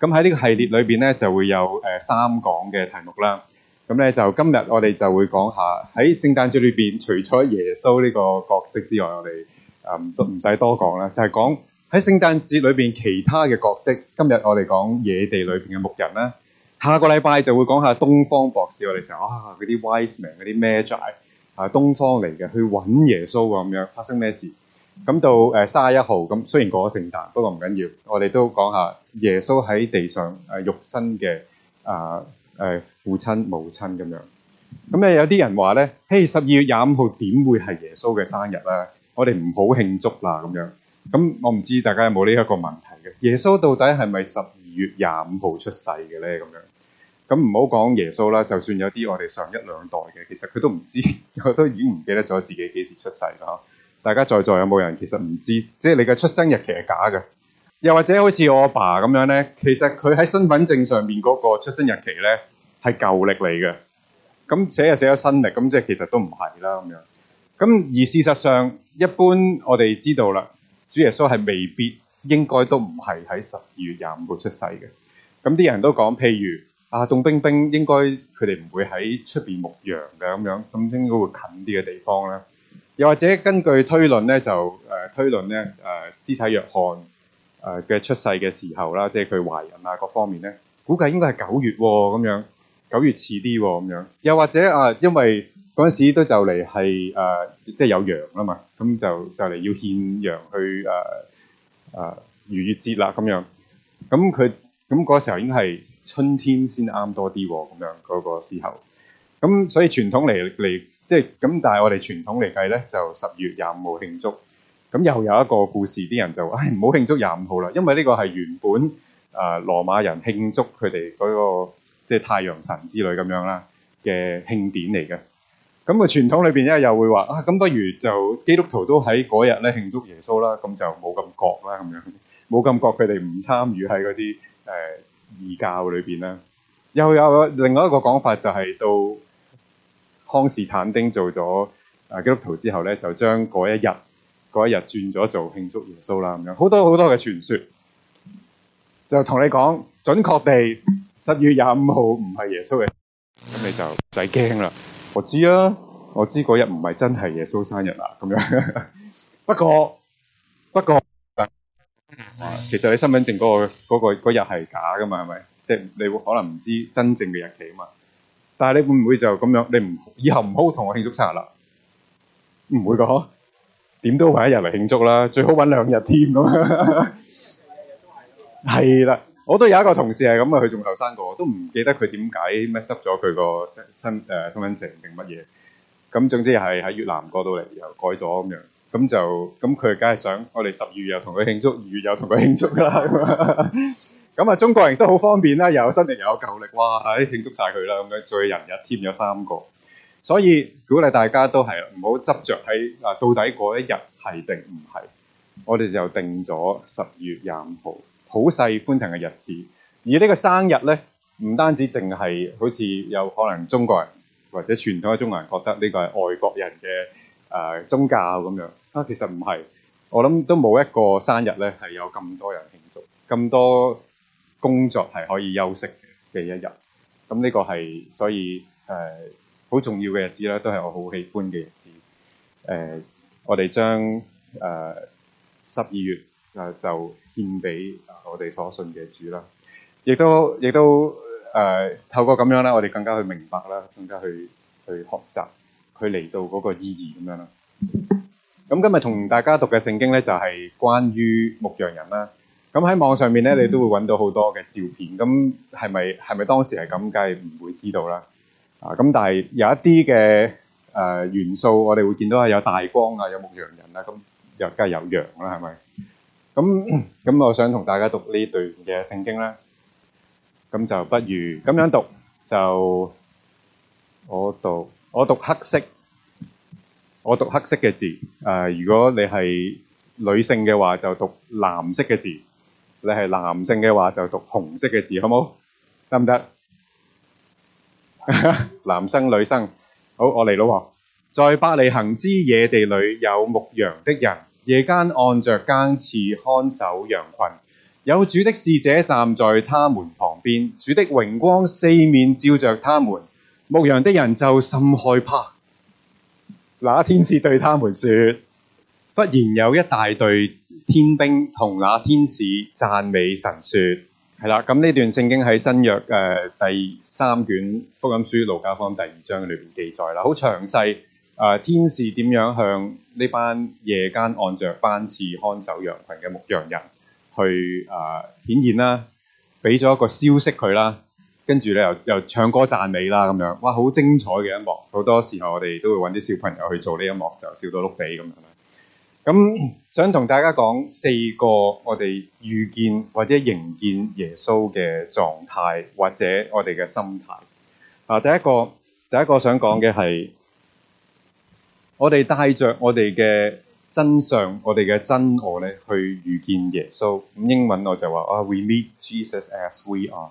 咁喺呢個系列裏邊咧就會有誒三講嘅題目啦。咁咧就今日我哋就會講下喺聖誕節裏邊，除咗耶穌呢個角色之外，我哋誒唔唔使多講啦，就係講喺聖誕節裏邊其他嘅角色。今日我哋講野地裏邊嘅牧人咧，下個禮拜就會講下東方博士，我哋成日啊嗰啲 wise man 嗰啲 magi 啊，東方嚟嘅去揾耶穌啊，咁樣發生咩事？咁到誒三十一號，咁雖然過咗聖誕，不過唔緊要。我哋都講下耶穌喺地上誒肉身嘅啊誒父親母親咁樣。咁誒有啲人話咧，嘿，十二月廿五號點會係耶穌嘅生日咧？我哋唔好慶祝啦咁樣。咁我唔知大家有冇呢一個問題嘅？耶穌到底係咪十二月廿五號出世嘅咧？咁樣。咁唔好講耶穌啦。就算有啲我哋上一兩代嘅，其實佢都唔知，佢都已經唔記得咗自己幾時出世啦。大家在座有冇人其實唔知，即係你嘅出生日期係假嘅，又或者好似我阿爸咁樣呢？其實佢喺身份證上面嗰個出生日期呢，係舊曆嚟嘅，咁寫又寫咗新曆，咁即係其實都唔係啦咁樣。咁而事實上，一般我哋知道啦，主耶穌係未必應該都唔係喺十二月廿五號出世嘅。咁啲人都講，譬如啊，凍冰冰應該佢哋唔會喺出邊牧羊嘅咁樣，咁應該會近啲嘅地方啦。又或者根據推論咧，就誒、呃、推論咧誒、呃，施洗約翰誒嘅出世嘅時候啦，即係佢懷孕啊各方面咧，估計應該係九月咁、啊、樣，九月遲啲咁、啊、樣。又或者啊，因為嗰陣時都就嚟係誒，即係有羊啦嘛，咁就就嚟要獻羊去誒誒逾越節啦咁樣。咁佢咁嗰時候應該係春天先啱多啲咁樣嗰、那個時候。咁所以傳統嚟嚟。即係咁，但係我哋傳統嚟計咧，就十二月廿五號慶祝。咁又有一個故事，啲人就唉，唔好慶祝廿五號啦，因為呢個係原本啊羅馬人慶祝佢哋嗰個即係太陽神之類咁樣啦嘅慶典嚟嘅。咁個傳統裏邊咧又會話啊，咁不如就基督徒都喺嗰日咧慶祝耶穌啦，咁就冇咁覺啦咁樣，冇咁覺佢哋唔參與喺嗰啲誒異教裏邊啦。又有另外一個講法就係到。康斯坦丁做咗啊基督徒之後咧，就將嗰一日嗰一日轉咗做慶祝耶穌啦咁樣，好多好多嘅傳說就同你講準確地，十月廿五號唔係耶穌嘅，咁你就唔使驚啦。我知啊，我知嗰日唔係真係耶穌生日啊，咁樣 不過。不過不過、啊，其實你身份證嗰、嗰個嗰日係假噶嘛，係咪？即、就、係、是、你可能唔知真正嘅日期啊嘛。但係你會唔會就咁樣？你唔以後唔好同我慶祝生日啦，唔會噶，點都揾一日嚟慶祝啦，最好揾兩日添咁。係啦，我都有一個同事係咁啊，佢仲後生過，都唔記得佢點解乜濕咗佢個身誒身份證定乜嘢。咁總之係喺越南過到嚟，然後改咗咁樣，咁就咁佢梗係想我哋十二月又同佢慶祝，二月又同佢慶祝噶啦。咁啊，中國人都好方便啦，又有新曆又有舊曆。哇！喺、哎、慶祝晒佢啦，咁樣再人日添咗三個，所以鼓勵大家都係唔好執着喺啊到底嗰一日係定唔係？我哋就定咗十月廿五號，普世歡騰嘅日子。而呢個生日呢，唔單止淨係好似有可能中國人或者傳統嘅中國人覺得呢個係外國人嘅誒、呃、宗教咁樣啊，其實唔係。我諗都冇一個生日呢係有咁多人慶祝咁多。工作係可以休息嘅一日，咁呢個係所以誒好、呃、重要嘅日子啦，都係我好喜歡嘅日子。誒、呃，我哋將誒十二月啊、呃，就獻俾我哋所信嘅主啦。亦都亦都誒、呃，透過咁樣啦，我哋更加去明白啦，更加去去學習佢嚟到嗰個意義咁樣啦。咁今日同大家讀嘅聖經咧，就係、是、關於牧羊人啦。咁喺網上面咧，你都會揾到好多嘅照片。咁係咪係咪當時係咁？梗係唔會知道啦。啊，咁但係有一啲嘅誒元素，我哋會見到係有大光啊，有牧羊人啦、啊。咁又梗係有羊啦，係咪？咁咁，我想同大家讀呢段嘅聖經啦。咁就不如咁樣讀就我讀，我讀黑色，我讀黑色嘅字。誒、呃，如果你係女性嘅話，就讀藍色嘅字。你係男性嘅話，就讀紅色嘅字，好唔好？得唔得？ 男生女生，好，我嚟囉。在伯利恆之野地裏有牧羊的人，夜間按着更次看守羊群，有主的使者站在他們旁邊，主的榮光四面照着他們，牧羊的人就甚害怕。那天使對他們說：忽然有一大隊天兵同那天使讚美神説：係啦，咁呢段聖經喺新約誒、呃、第三卷福音書路加坊第二章裏面記載啦，好詳細。誒、呃、天使點樣向呢班夜間按着班次看守羊群嘅牧羊人去誒顯、呃、現啦，俾咗一個消息佢啦，跟住咧又又唱歌讚美啦，咁樣哇，好精彩嘅一幕。好多時候我哋都會揾啲小朋友去做呢一幕，就笑到碌地咁樣。咁想同大家講四個我哋遇見或者迎見耶穌嘅狀態或者我哋嘅心態。啊，第一個第一個想講嘅係、嗯、我哋帶着我哋嘅真相，我哋嘅真我咧去遇見耶穌。咁英文我就話啊，We meet Jesus as we are。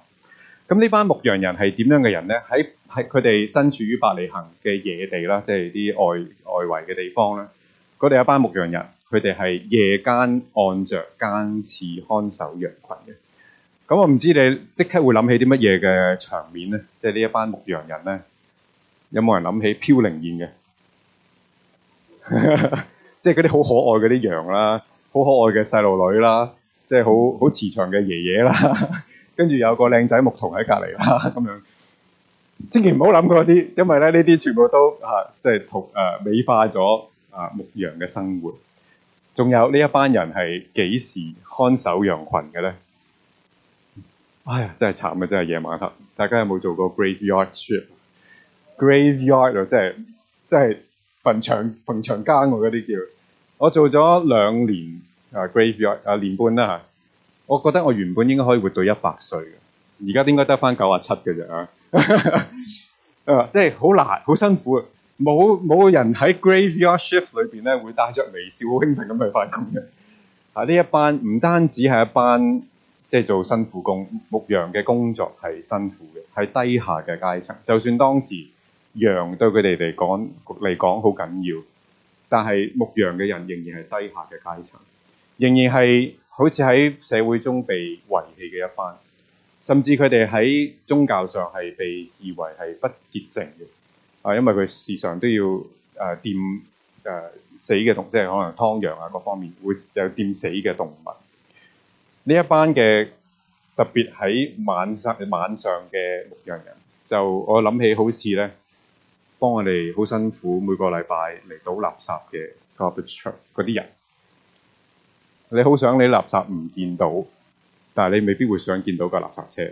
咁呢班牧羊人係點樣嘅人咧？喺喺佢哋身處於伯利恆嘅野地啦，即係啲外外圍嘅地方咧。嗰哋一班牧羊人，佢哋係夜間按着更次看守羊群嘅。咁我唔知你即刻會諗起啲乜嘢嘅場面咧？即係呢一班牧羊人咧，有冇人諗起飄零燕嘅？即係嗰啲好可愛嗰啲羊啦，好可愛嘅細路女啦，即係好好慈祥嘅爺爺啦，跟 住有個靚仔牧童喺隔離啦。咁樣千祈唔好諗嗰啲，因為咧呢啲全部都嚇即係同誒美化咗。啊！牧羊嘅生活，仲有呢一班人係幾時看守羊群嘅咧？哎呀，真係慘啊！真係夜晚黑，大家有冇做過 graveyard trip？graveyard 咯、啊，即係即係墳場墳場間嗰啲叫。我做咗兩年啊，graveyard 啊年半啦吓。我覺得我原本應該可以活到一百歲嘅，而家點解得返九啊七嘅啫啊？啊，即係好難，好辛苦啊！冇冇人喺 graveyard shift 裏邊咧，會帶着微笑輕輕、好興奮咁去翻工嘅。啊，呢一班唔單止係一班即係做辛苦工，牧羊嘅工作係辛苦嘅，係低下嘅階層。就算當時羊對佢哋嚟講嚟講好緊要，但係牧羊嘅人仍然係低下嘅階層，仍然係好似喺社會中被遺棄嘅一班，甚至佢哋喺宗教上係被視為係不潔淨嘅。啊，因為佢時常都要誒掂誒死嘅動物，即係可能綁羊啊各方面會有掂死嘅動物。呢、啊、一班嘅特別喺晚上晚上嘅牧羊人，就我諗起好似咧幫我哋好辛苦每個禮拜嚟倒垃圾嘅 garbage truck 嗰啲人。你好想你垃圾唔見到，但係你未必會想見到個垃圾車。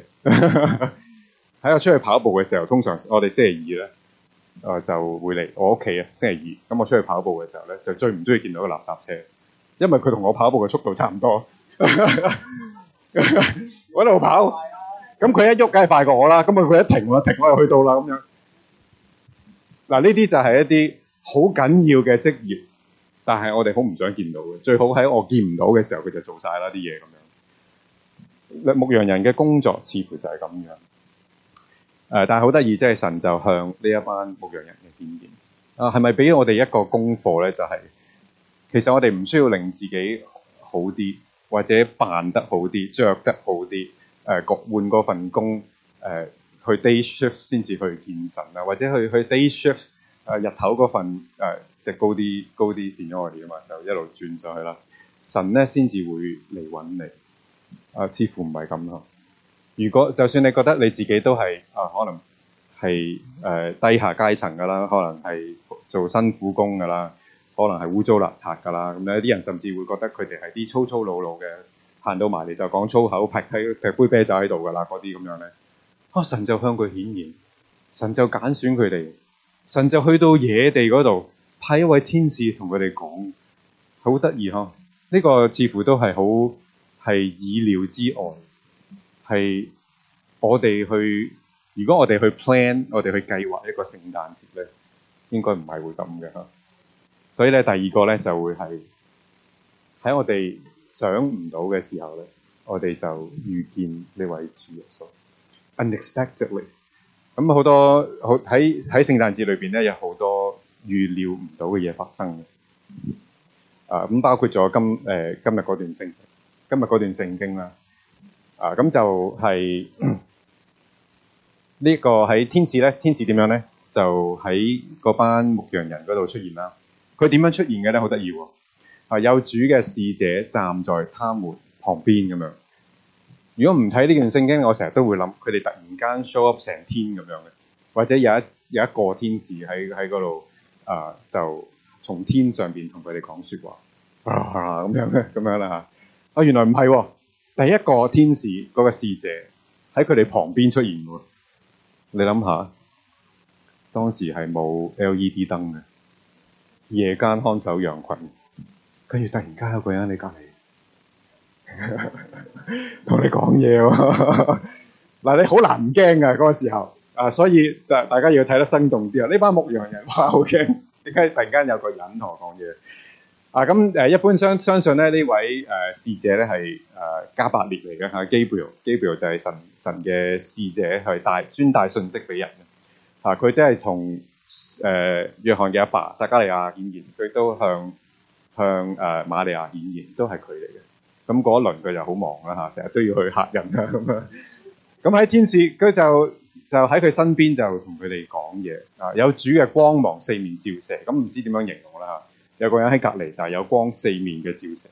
喺 我出去跑步嘅時候，通常我哋星期二咧。誒就會嚟我屋企啊！星期二，咁我出去跑步嘅時候咧，就最唔中意見到個垃圾車，因為佢同我跑步嘅速度差唔多， 我喺度跑。咁佢一喐梗係快過我啦。咁啊佢一停喎，停我又去到啦咁樣。嗱，呢啲就係一啲好緊要嘅職業，但係我哋好唔想見到嘅。最好喺我見唔到嘅時候，佢就做晒啦啲嘢咁樣。牧羊人嘅工作似乎就係咁樣。誒，但係好得意，即係神就向呢一班牧羊人嘅見證。啊，係咪俾我哋一個功課咧？就係、是、其實我哋唔需要令自己好啲，或者扮得好啲，着得好啲。誒、呃，改換嗰份工，誒、呃、去 day shift 先至去見神啊，或者去去 day shift 誒、呃、日頭嗰份誒即係高啲高啲線咗我哋啊嘛，就一路轉上去啦。神咧先至會嚟搵你。啊，似乎唔係咁咯。如果就算你覺得你自己都係，啊，可能係誒、呃、低下階層噶啦，可能係做辛苦工噶啦，可能係污糟邋遢噶啦，咁樣啲人甚至會覺得佢哋係啲粗粗魯魯嘅，行到埋嚟就講粗口，劈喺劈杯啤酒喺度噶啦，嗰啲咁樣咧，啊，神就向佢顯現，神就揀選佢哋，神就去到野地嗰度派一位天使同佢哋講，好得意嗬，呢、啊這個似乎都係好係意料之外。係我哋去，如果我哋去 plan，我哋去計劃一個聖誕節咧，應該唔係會咁嘅吓。所以咧，第二個咧就會係喺我哋想唔到嘅時候咧，我哋就遇見呢位主耶穌。Unexpectedly，咁好多好喺喺聖誕節裏邊咧，有好多預料唔到嘅嘢發生嘅。啊，咁包括咗今誒、呃、今日嗰段聖今日嗰段聖經啦。Das em pre ens 啊，咁就係呢個喺天使咧，天使點樣咧？就喺嗰班牧羊人嗰度出現啦。佢點樣出現嘅咧？好得意喎！啊，有主嘅使者站在他們旁邊咁樣。如果唔睇呢段聖經，我成日都會諗，佢哋突然間 show up 成天咁樣嘅，或者有一有一個天使喺喺嗰度啊，就從天上邊同佢哋講說話 啊咁樣嘅，咁樣啦吓啊，原來唔係、啊。啊啊啊啊第一個天使嗰個使者喺佢哋旁邊出現喎，你諗下，當時係冇 L E D 燈嘅，夜間看守羊群，跟住突然間有個人喺你隔籬，同 你講嘢喎，嗱你好難唔驚噶嗰個時候啊所以大大家要睇得生動啲啊，呢班牧羊人哇好驚，點解突然間有個人同我講嘢？啊，咁誒，一般相相信咧呢位誒使者咧係誒加百列嚟嘅吓，Gabriel，Gabriel 就係神神嘅使者，去帶專帶信息俾人嘅。吓，佢都係同誒約翰嘅阿爸撒加利亞顯現，佢都向向誒瑪利亞顯現，都係佢嚟嘅。咁嗰一輪佢就好忙啦吓，成日都要去嚇人啊咁樣。咁、嗯、喺天使佢就就喺佢身邊就同佢哋講嘢啊，有主嘅光芒四面照射，咁唔知點樣形容啦吓。有個人喺隔離，但係有光四面嘅照射，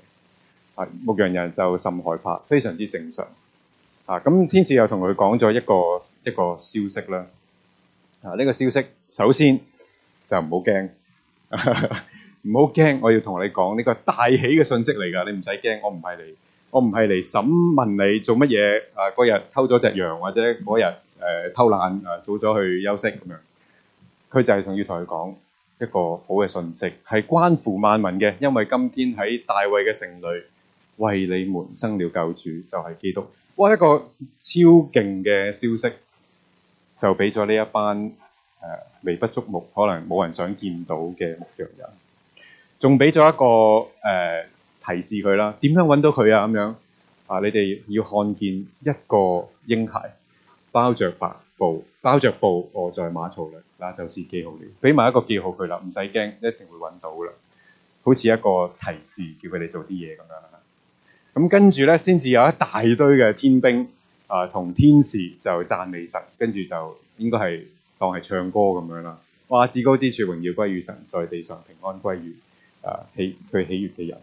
係牧羊人就甚害怕，非常之正常。嚇、啊、咁，天使又同佢講咗一個一個消息啦。啊，呢、這個消息首先就唔好驚，唔好驚。我要同你講呢、這個大喜嘅信息嚟㗎，你唔使驚。我唔係嚟，我唔係嚟審問你做乜嘢。啊，嗰日偷咗隻羊，或者嗰日誒偷懶啊，早咗去休息咁樣。佢就係要同佢講。一個好嘅信息，係關乎萬民嘅，因為今天喺大衛嘅城裏為你們生了救主，就係、是、基督。哇，一個超勁嘅消息就俾咗呢一班誒、呃、微不足目，可能冇人想見到嘅牧羊人，仲俾咗一個誒、呃、提示佢啦，點樣揾到佢啊？咁樣啊，你哋要看見一個嬰孩包着白布，包着布卧在馬槽裏。嗱，就是記號了。俾埋一個記號佢啦，唔使驚，一定會揾到啦。好似一個提示，叫佢哋做啲嘢咁樣啦。咁、嗯、跟住咧，先至有一大堆嘅天兵啊，同天使就讚美神，跟住就應該係當係唱歌咁樣啦。哇，至高之處榮耀歸於神，在地上平安歸於啊，喜佢喜悅嘅人。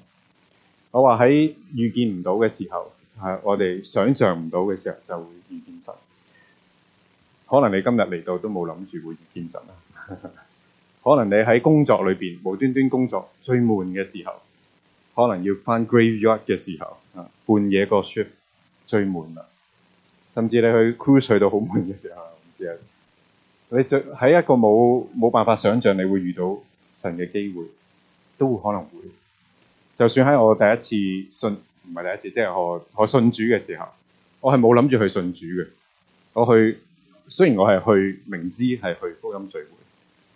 我話喺預見唔到嘅時候，啊，我哋想像唔到嘅時候，就會遇見神。可能你今日嚟到都冇諗住會遇見神啦。 可能你喺工作裏邊無端端工作最悶嘅時候，可能要翻 graveyard 嘅時候啊，半夜個 shift 最悶啦。甚至你去 cruise 去到好悶嘅時候，唔知係。你最喺一個冇冇辦法想象你會遇到神嘅機會，都會可能會。就算喺我第一次信，唔係第一次，即係我我信主嘅時候，我係冇諗住去信主嘅，我去。雖然我係去明知係去福音聚會，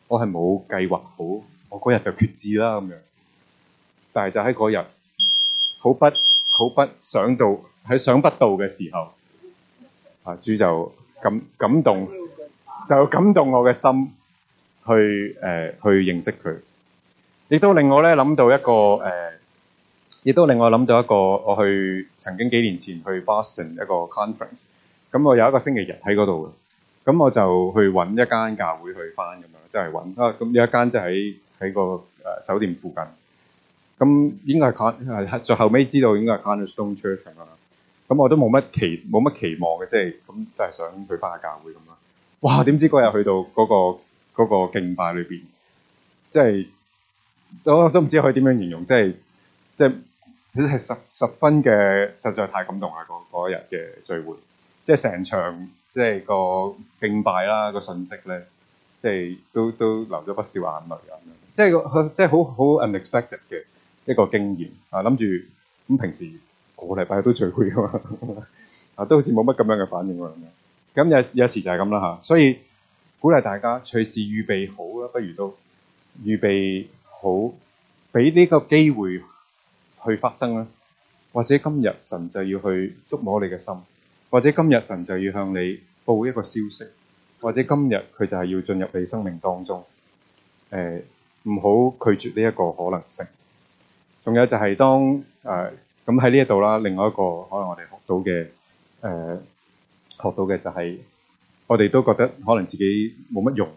我係冇計劃好，我嗰日就決志啦咁樣。但係就喺嗰日，好不、好不想到，喺想不到嘅時候，啊主就感感動，就感動我嘅心去，去、呃、誒去認識佢，亦都令我咧諗到一個誒，亦、呃、都令我諗到一個，我去曾經幾年前去 Boston 一個 conference，咁我有一個星期日喺嗰度。咁我就去揾一間教會去翻咁樣，即係揾啊！咁有一間即喺喺個誒酒店附近。咁應該係係最後尾知道應該係 Cornerstone Church 啦。咁我都冇乜期冇乜期望嘅，即係咁都係想去翻下教會咁咯。哇！點知嗰日去到嗰個嗰個敬拜裏邊，即係我都唔知可以點樣形容，即係即係十十分嘅，實在太感動啦！嗰日嘅聚會，即係成場。即係個敬拜啦，個信息咧，即係都都流咗不少眼淚啊！即係個即係好好 unexpected 嘅一個經驗啊！諗住咁平時、個禮拜都聚會㗎嘛呵呵啊，都好似冇乜咁樣嘅反應咁。有有時就係咁啦嚇，所以鼓勵大家隨時預備好啦，不如都預備好，俾呢個機會去發生啦，或者今日神就要去觸摸你嘅心。或者今日神就要向你報一個消息，或者今日佢就係要進入你生命當中。誒、呃，唔好拒絕呢一個可能性。仲有就係當誒咁喺呢一度啦。另外一個可能我哋學到嘅誒、呃、學到嘅就係、是、我哋都覺得可能自己冇乜用誒、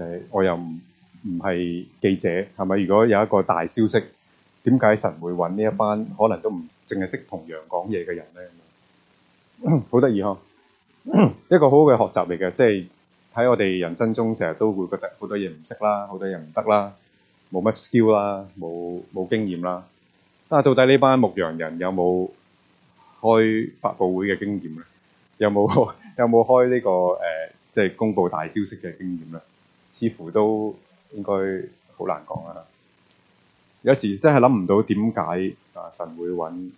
呃，我又唔唔係記者係咪？如果有一個大消息，點解神會搵呢一班可能都唔淨係識同羊講嘢嘅人咧？好得意呵！一個好好嘅學習嚟嘅，即係喺我哋人生中成日都會覺得好多嘢唔識啦，好多嘢唔得啦，冇乜 skill 啦，冇冇經驗啦。啊，到底呢班牧羊人有冇開發布會嘅經驗咧？有冇有冇開呢個誒，即係公布大消息嘅經驗咧？似乎都應該好難講啦。有時真係諗唔到點解啊神會揾。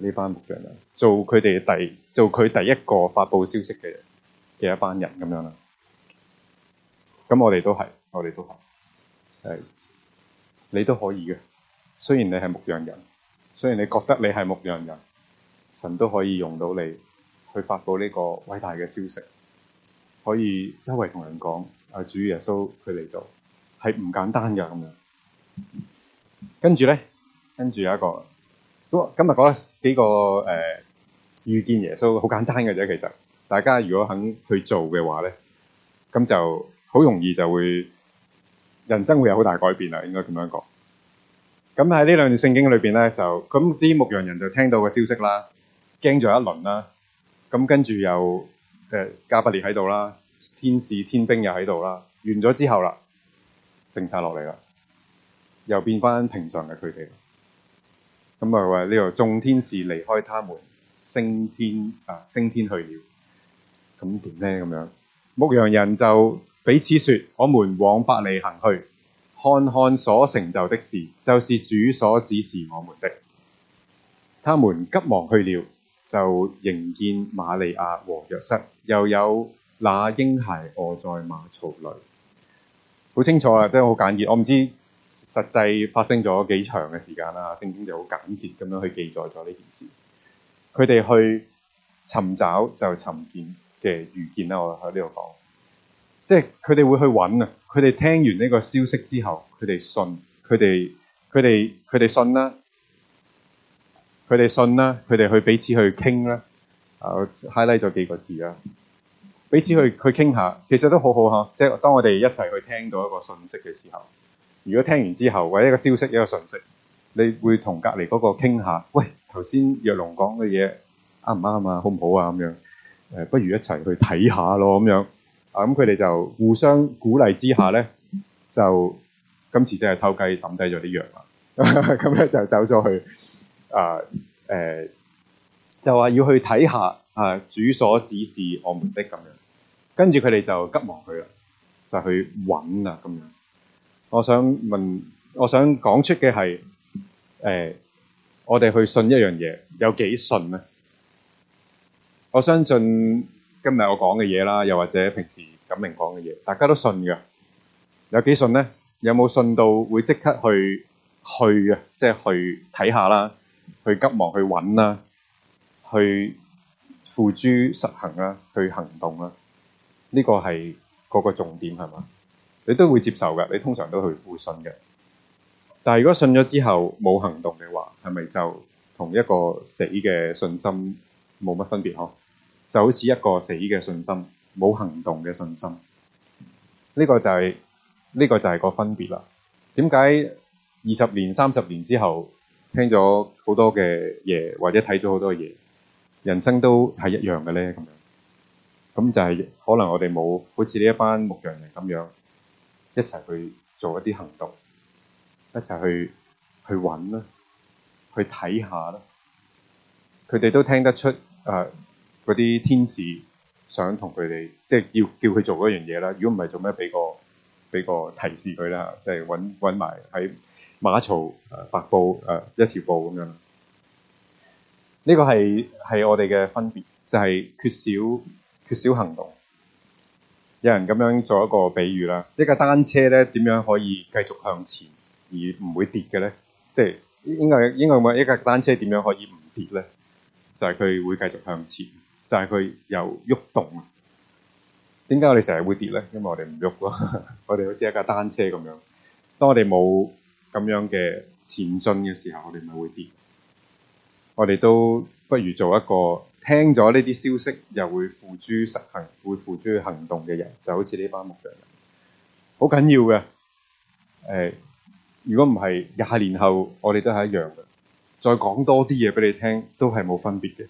誒，呢班牧羊人做佢哋第做佢第一個發佈消息嘅嘅一班人咁樣啦。咁我哋都係，我哋都係，係你都可以嘅。雖然你係牧羊人，雖然你覺得你係牧羊人，神都可以用到你去發佈呢個偉大嘅消息，可以周圍同人講啊，主耶穌佢嚟到係唔簡單嘅咁樣。跟住咧，跟住有一個。今日講幾個誒遇、呃、見耶穌好簡單嘅啫，其實大家如果肯去做嘅話咧，咁就好容易就會人生會有好大改變啦，應該咁樣講。咁喺呢兩段聖經裏邊咧，就咁啲牧羊人就聽到個消息啦，驚咗一輪啦，咁跟住又誒、呃、加百列喺度啦，天使天兵又喺度啦，完咗之後啦，靜晒落嚟啦，又變返平常嘅佢哋。咁啊話呢度眾天使離開他們升天啊，升天去了，咁點呢？咁樣牧羊人就彼此說：我們往伯利恒去，看看所成就的事，就是主所指示我們的。他們急忙去了，就仍見瑪利亞和約瑟，又有那嬰孩卧在馬槽裏。好清楚啊，真係好簡易，我唔知。實際發生咗幾長嘅時間啦，《聖經》就好簡潔咁樣去記載咗呢件事。佢哋去尋找就是、尋見嘅遇見啦，我喺呢度講，即係佢哋會去揾啊。佢哋聽完呢個消息之後，佢哋信，佢哋佢哋佢哋信啦，佢哋信啦，佢哋去彼此去傾啦。啊，我 highlight 咗幾個字啦，彼此去去傾下，其實都好好嚇。即係當我哋一齊去聽到一個信息嘅時候。如果聽完之後，或者一個消息一個訊息，你會同隔籬嗰個傾下，喂，頭先若龍講嘅嘢啱唔啱啊，好唔好啊咁樣？誒、呃，不如一齊去睇下咯，咁樣。咁佢哋就互相鼓勵之下咧，就今次真係偷雞抌低咗啲藥啦，咁、啊、樣就走咗去。啊，誒、啊，就話要去睇下啊，主所指示我們的咁樣。跟住佢哋就急忙去啦，就去揾啦咁樣。我想問，我想講出嘅係，誒，我哋去信一樣嘢有幾信啊？我相信今日我講嘅嘢啦，又或者平時錦明講嘅嘢，大家都信嘅，有幾信咧？有冇信到會即刻去去，即係去睇下啦，去急忙去揾啦，去付諸實行啦，去行動啦？呢個係個個重點係嘛？你都會接受嘅，你通常都去會，會信嘅。但係如果信咗之後冇行動嘅話，係咪就同一個死嘅信心冇乜分別？囉，就好似一個死嘅信心，冇行動嘅信心。呢、這個就係、是、呢、這個就係個分別啦。點解二十年、三十年之後聽咗好多嘅嘢，或者睇咗好多嘢，人生都係一樣嘅咧？咁樣咁就係、是、可能我哋冇好似呢一班牧羊人咁樣。一齊去做一啲行動，一齊去去揾啦，去睇下啦。佢哋都聽得出，誒，嗰啲天使想同佢哋，即係要叫佢做嗰樣嘢啦。如果唔係做咩，俾個俾個提示佢啦，就係揾揾埋喺馬槽誒，白布誒，一條布咁樣。呢個係係我哋嘅分別，就係缺少缺少行動。有人咁樣做一個比喻啦，一架單車咧點樣可以繼續向前而唔會跌嘅咧？即係應該應該話一架單車點樣可以唔跌咧？就係佢會繼續向前，就係佢有喐動。點解我哋成日會跌咧？因為我哋唔喐咯， 我哋好似一架單車咁樣。當我哋冇咁樣嘅前進嘅時候，我哋咪會跌。我哋都不如做一個。聽咗呢啲消息，又會付諸實行，會付諸行動嘅人，就好似呢班牧羊人，好緊要嘅。誒、呃，如果唔係廿年後，我哋都係一樣嘅。再講多啲嘢俾你聽，都係冇分別嘅。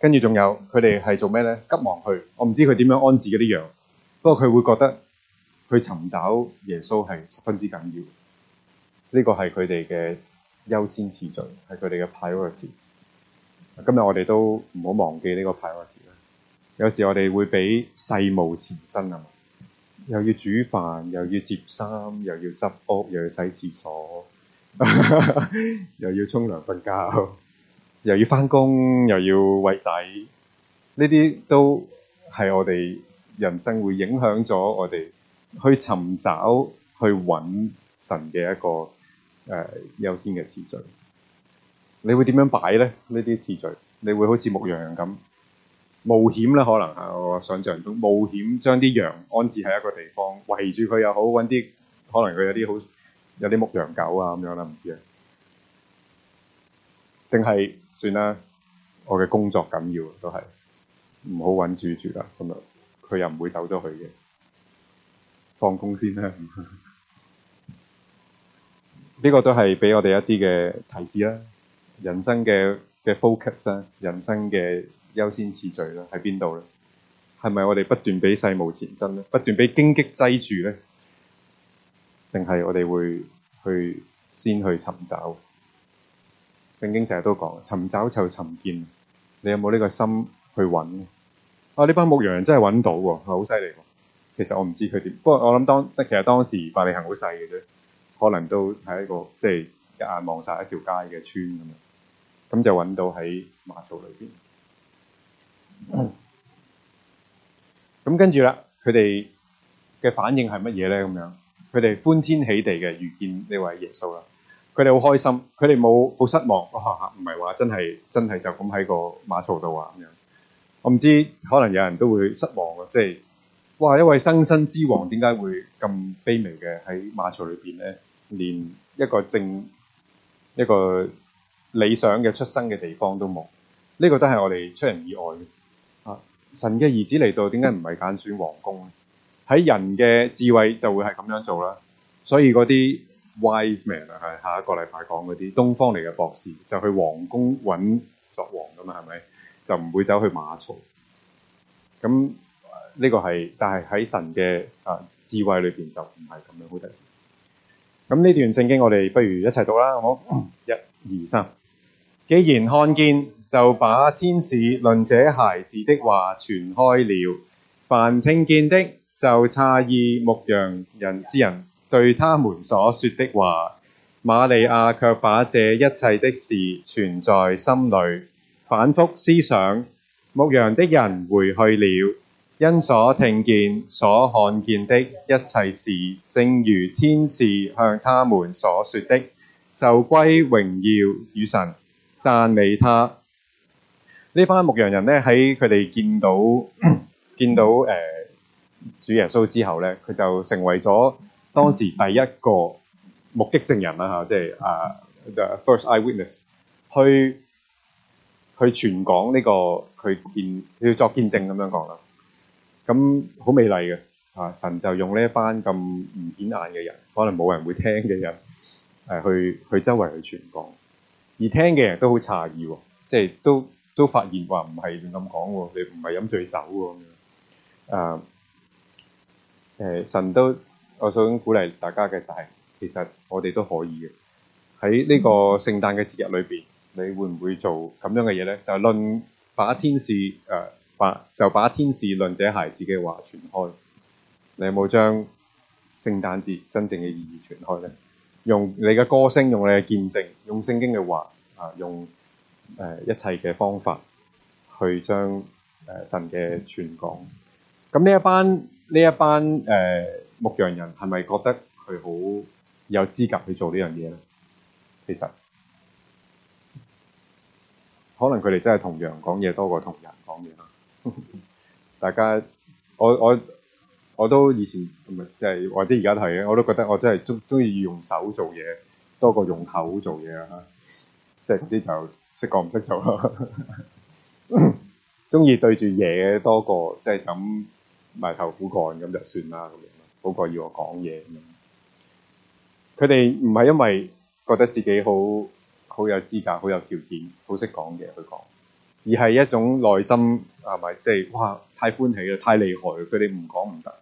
跟住仲有，佢哋係做咩咧？急忙去，我唔知佢點樣安置嗰啲羊，不過佢會覺得去尋找耶穌係十分之緊要。呢、呢個係佢哋嘅優先次序，係佢哋嘅 priority。今日我哋都唔好忘記呢個 priority 啦。有時我哋會俾世務纏身啊，又要煮飯，又要接衫，又要執屋，又要洗廁所， 又要沖涼瞓覺，又要翻工，又要餵仔。呢啲都係我哋人生會影響咗我哋去尋找、去揾神嘅一個誒、呃、優先嘅次序。你會點樣擺咧？呢啲次序你會好似牧羊人咁冒險咧？可能係我想象中冒險，將啲羊安置喺一個地方，圍住佢又好，搵啲可能佢有啲好有啲牧羊狗啊咁樣啦，唔知啊？定係算啦？我嘅工作緊要都係唔好穩住住啦。咁啊，佢又唔會走咗去嘅，放工先啦。呢個都係俾我哋一啲嘅提示啦。人生嘅嘅 focus 啦，人生嘅優先次序啦，喺邊度咧？係咪我哋不斷俾世務纏身咧，不斷俾荊棘擠住咧，定係我哋會去先去尋找？聖經成日都講尋找就尋見，你有冇呢個心去揾咧？啊，呢班牧羊人真係揾到喎，好犀利喎！其實我唔知佢點，不過我諗當即其實當時伯利恆好細嘅啫，可能都係一個即係、就是、一眼望晒一條街嘅村咁啊～咁就揾到喺馬槽裏邊。咁跟住啦，佢哋嘅反應係乜嘢咧？咁樣，佢哋歡天喜地嘅遇見呢位耶穌啦。佢哋好開心，佢哋冇好失望。嚇嚇，唔係話真係真係就咁喺個馬槽度啊咁樣。我唔知，可能有人都會失望咯。即係，哇！一位生身之王，點解會咁卑微嘅喺馬槽裏邊咧？連一個正一個。理想嘅出生嘅地方都冇，呢個都係我哋出人意外嘅。啊，神嘅兒子嚟到，點解唔係揀選皇宮咧？喺人嘅智慧就會係咁樣做啦。所以嗰啲 wise man 啊，下一個禮拜講嗰啲東方嚟嘅博士，就去皇宮揾作王噶嘛，係咪？就唔會走去馬槽。咁呢個係，但係喺神嘅啊智慧裏邊就唔係咁樣好得意。咁呢段聖經我哋不如一齊讀啦，好唔好？一二三。既然看見，就把天使論這孩子的話傳開了。凡聽見的就詫異牧羊人之人對他們所說的話。瑪利亞卻把這一切的事存在心裡，反覆思想。牧羊的人回去了，因所聽見、所看見的一切事，正如天使向他們所說的，就歸榮耀與神。讚美他，呢班牧羊人咧，喺佢哋見到 見到誒、呃、主耶穌之後咧，佢就成為咗當時第一個目擊證人啦吓、啊，即係啊、uh, the first eyewitness 去去傳講呢個佢見要作見證咁樣講啦。咁好美麗嘅啊！神就用呢一班咁唔顯眼嘅人，可能冇人會聽嘅人，誒、啊、去去周圍去傳講。而聽嘅人都好詫異喎，即係都都發現話唔係亂咁講喎，你唔係飲醉酒喎。誒、啊、誒、呃，神都我想鼓勵大家嘅就係、是，其實我哋都可以嘅。喺呢個聖誕嘅節日裏邊，你會唔會做咁樣嘅嘢咧？就論把天使，誒、啊、把就把天使論者孩子嘅話傳開，你有冇將聖誕節真正嘅意義傳開咧？用你嘅歌聲，用你嘅見證，用聖經嘅話啊，用誒、呃、一切嘅方法去將誒、呃、神嘅傳講。咁呢一班呢一班誒、呃、牧羊人係咪覺得佢好有資格去做呢樣嘢咧？其實可能佢哋真係同羊講嘢多過同人講嘢啦。大家我我。我我都以前唔係即係或者而家都係我都覺得我真係中中意用手做嘢多過用口做嘢啊！即係嗰啲就識講唔識做咯，中意對住嘢多過即係咁埋頭苦幹咁就算啦咁樣，好過要我講嘢咁樣。佢哋唔係因為覺得自己好好有資格、好有條件、好識講嘢去講，而係一種內心係咪即係哇太歡喜啦、太厲害啦，佢哋唔講唔得。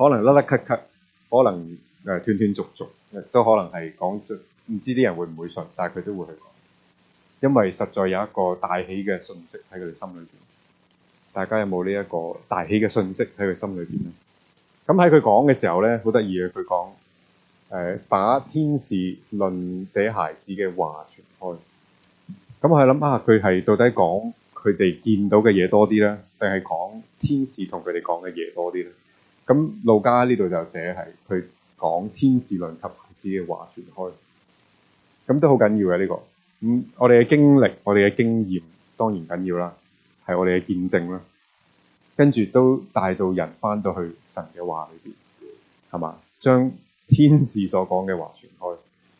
可能甩甩咳咳，可能誒斷斷續續，誒都可能係講，唔知啲人會唔會信，但係佢都會去講，因為實在有一個大喜嘅信息喺佢哋心裏邊。大家有冇呢一個大喜嘅信息喺佢心裏邊咧？咁喺佢講嘅時候咧，好得意嘅，佢講誒把天使論這孩子嘅話傳開。咁我係諗下，佢、啊、係到底講佢哋見到嘅嘢多啲咧，定係講天使同佢哋講嘅嘢多啲咧？咁路加呢度就寫係佢講天使論及孩子嘅，這個這個嗯、話，話傳開，咁都好緊要嘅呢個。咁我哋嘅經歷、我哋嘅經驗當然緊要啦，係我哋嘅見證啦。跟住都帶到人翻到去神嘅話裏邊，係嘛？將天使所講嘅話傳開，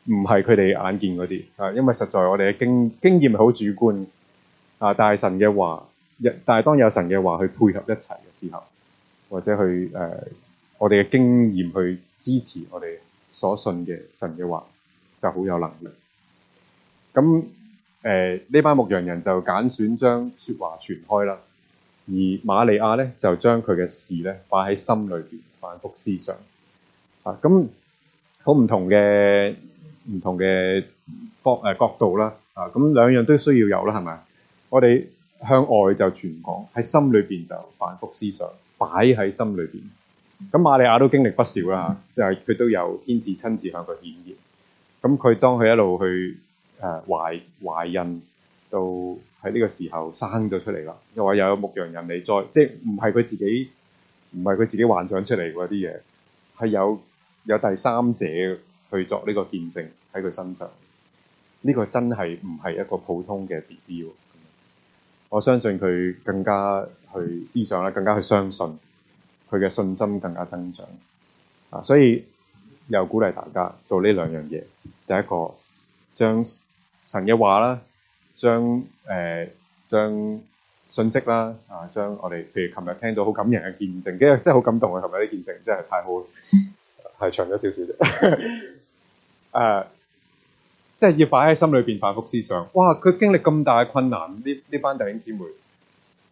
唔係佢哋眼見嗰啲啊，因為實在我哋嘅經經驗好主觀啊，但係神嘅話，但係當有神嘅話去配合一齊嘅時候。或者去誒、呃，我哋嘅經驗去支持我哋所信嘅神嘅話，就好有能力。咁誒呢班牧羊人就揀選將説話傳開啦，而瑪利亞咧就將佢嘅事咧擺喺心裏邊，反覆思想啊。咁好唔同嘅唔同嘅方誒角度啦啊。咁、嗯、兩樣都需要有啦，係咪？我哋向外就傳講，喺心裏邊就反覆思想。擺喺心裏邊，咁瑪利亞都經歷不少啦嚇，即係佢都有天使親自向佢顯現。咁佢當佢一路去誒、呃、懷懷孕到喺呢個時候生咗出嚟啦，又話又有牧羊人嚟再，即係唔係佢自己，唔係佢自己幻想出嚟嗰啲嘢，係有有第三者去作呢個見證喺佢身上。呢、呢個真係唔係一個普通嘅 B B。我相信佢更加去思想啦，更加去相信，佢嘅信心更加增長。啊，所以又鼓勵大家做呢兩樣嘢。第一個，將神嘅話啦，將誒將信息啦，啊，將我哋譬如琴日聽到好感人嘅見證，今日真係好感動啊！琴日啲見證真係太好，係長咗少少啫。誒、 uh。即係要擺喺心裏邊反覆思想。哇！佢經歷咁大嘅困難，呢呢班弟兄姊妹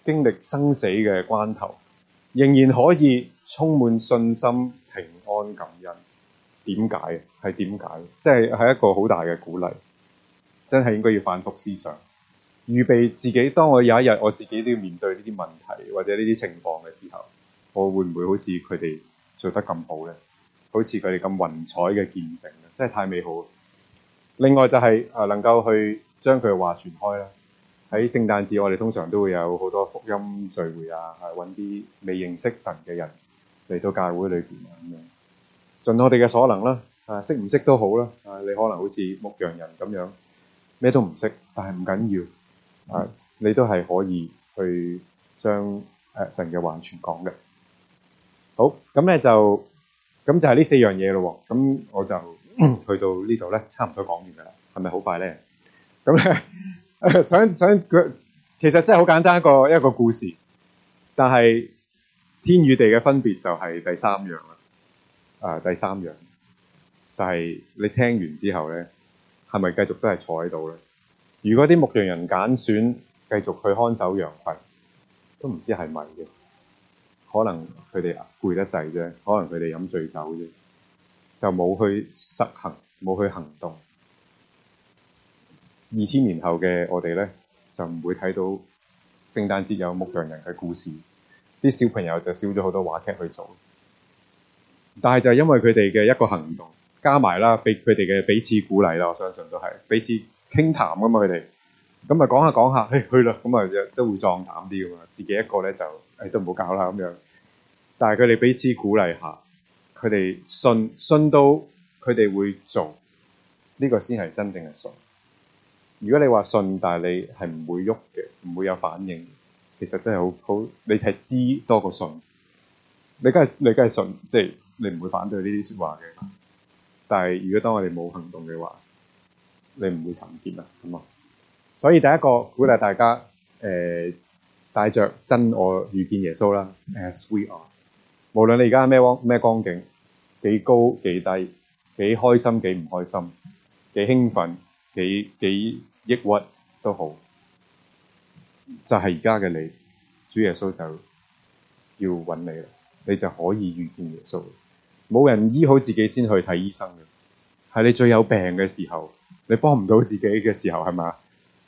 經歷生死嘅關頭，仍然可以充滿信心、平安感恩。點解嘅？係點解？即係係一個好大嘅鼓勵。真係應該要反覆思想，預備自己。當我有一日我自己都要面對呢啲問題或者呢啲情況嘅時候，我會唔會好似佢哋做得咁好呢？好似佢哋咁雲彩嘅見證咧，真係太美好。另外就係誒能夠去將佢話傳開啦。喺聖誕節，我哋通常都會有好多福音聚會啊，誒揾啲未認識神嘅人嚟到教會裏邊啊，咁樣盡我哋嘅所能啦。啊，識唔識都好啦。啊，你可能好似牧羊人咁樣，咩都唔識，但係唔緊要。啊，嗯、你都係可以去將誒、啊、神嘅話傳講嘅。好，咁咧就咁就係呢四樣嘢咯。咁我就。去到呢度咧，差唔多講完噶啦，係咪好快咧？咁咧，想想佢，其實真係好簡單一個一個故事，但係天與地嘅分別就係第三樣啦。啊，第三樣就係你聽完之後咧，係咪繼續都係坐喺度咧？如果啲牧羊人揀選繼續去看守羊群，都唔知係咪嘅，可能佢哋攰得滯啫，可能佢哋飲醉酒啫。就冇去實行，冇去行動。二千年後嘅我哋咧，就唔會睇到聖誕節有牧羊人嘅故事，啲小朋友就少咗好多話劇去做。但係就係因為佢哋嘅一個行動，加埋啦，俾佢哋嘅彼此鼓勵啦，我相信都係彼此傾談噶嘛，佢哋咁啊講下講下，唉、哎、去啦，咁啊都會壯膽啲噶嘛，自己一個咧就唉、哎、都唔好搞啦咁樣。但係佢哋彼此鼓勵下。佢哋信信到佢哋會做呢、這個先係真正嘅信。如果你話信，但係你係唔會喐嘅，唔會有反應，其實都係好好。你係知多過信，你梗係你梗係信，即、就、係、是、你唔會反對呢啲說話嘅。但係如果當我哋冇行動嘅話，你唔會沉澱啊，咁啊。所以第一個鼓勵大家，誒、呃，帶着真我遇見耶穌啦。As we are。無論你而家係咩咩光景，幾高幾低，幾開心幾唔開心，幾興奮幾幾抑鬱都好，就係而家嘅你，主耶穌就要揾你啦，你就可以遇見耶穌。冇人醫好自己先去睇醫生嘅，係你最有病嘅時候，你幫唔到自己嘅時候係咪？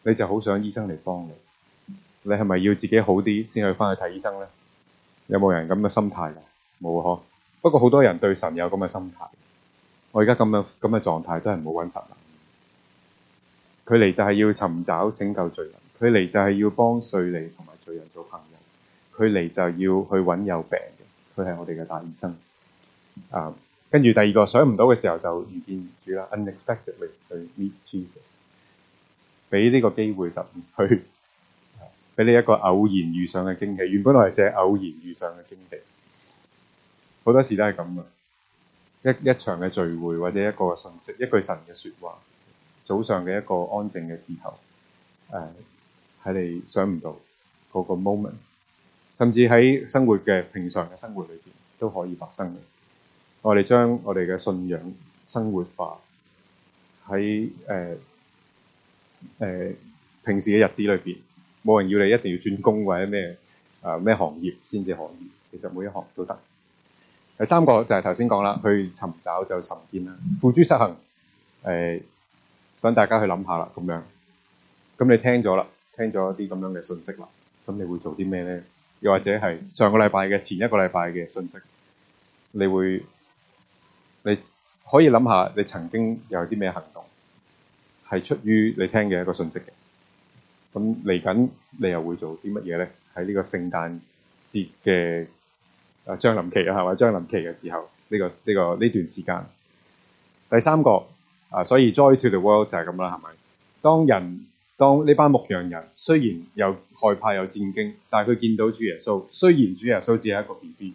你就好想醫生嚟幫你，你係咪要自己好啲先去翻去睇醫生咧？有冇人咁嘅心態啊？冇嗬，不過好多人對神有咁嘅心態。我而家咁嘅咁嘅狀態都，都係冇揾神。佢嚟就係要尋找拯救罪人，佢嚟就係要幫稅吏同埋罪人做朋友，佢嚟就要去揾有病嘅，佢係我哋嘅大醫生。嗯、啊，跟住第二個想唔到嘅時候就遇見主啦、嗯、，unexpectedly 去 meet Jesus，俾呢個機會就去俾你一個偶然遇上嘅驚喜。原本我係寫偶然遇上嘅驚喜。好多時都係咁嘅，一一場嘅聚會或者一個信息，一句神嘅說話，早上嘅一個安靜嘅時候，誒、呃，喺你想唔到嗰個 moment，甚至喺生活嘅平常嘅生活裏邊都可以發生嘅。我哋將我哋嘅信仰生活化喺誒誒平時嘅日子裏邊，冇人要你一定要轉工或者咩啊咩行業先至可以，其實每一行都得。第三個就係頭先講啦，去尋找就尋見啦，付諸實行。誒、呃，等大家去諗下啦，咁樣。咁你聽咗啦，聽咗啲咁樣嘅信息啦，咁你會做啲咩咧？又或者係上個禮拜嘅前一個禮拜嘅信息，你會，你可以諗下你曾經有啲咩行動，係出於你聽嘅一個信息嘅。咁嚟緊你又會做啲乜嘢咧？喺呢個聖誕節嘅。啊，張林琪啊，係咪張林琪嘅時候呢個呢個呢段時間？第三個啊，所以 Joy to the World 就係咁啦，係咪？當人當呢班牧羊人雖然又害怕有戰驚，但係佢見到主耶穌，雖然主耶穌只係一個 B B，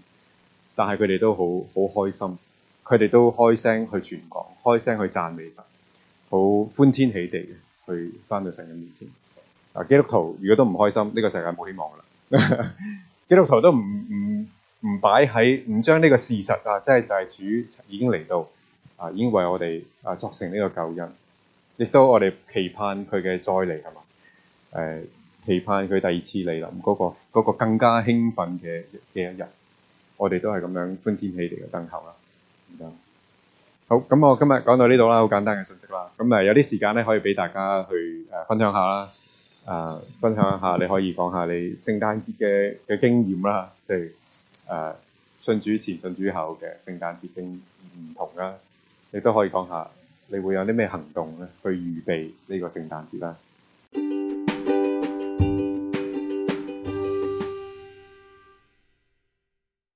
但係佢哋都好好開心，佢哋都開聲去傳講，開聲去讚美神，好歡天喜地嘅去翻到神嘅面前。啊，基督徒如果都唔開心，呢個世界冇希望啦。 基督徒都唔唔。唔擺喺唔將呢個事實啊，即係就係主已經嚟到啊，已經為我哋啊作成呢個救恩，亦都我哋期盼佢嘅再嚟係嘛？誒呃期盼佢第二次嚟啦，咁嗰個嗰個更加興奮嘅嘅一日，我哋都係咁樣歡天喜地嘅等候啦。好咁，我今日講到呢度啦，好簡單嘅信息啦。咁誒有啲時間咧，可以俾大家去誒分享下啦，誒啊分享下你可以講下你聖誕節嘅嘅經驗啦，即係。誒，uh, 信主前、信主後嘅聖誕節已經唔同啦，啊，你都可以講下，你會有啲咩行動咧，去預備呢個聖誕節啦，啊。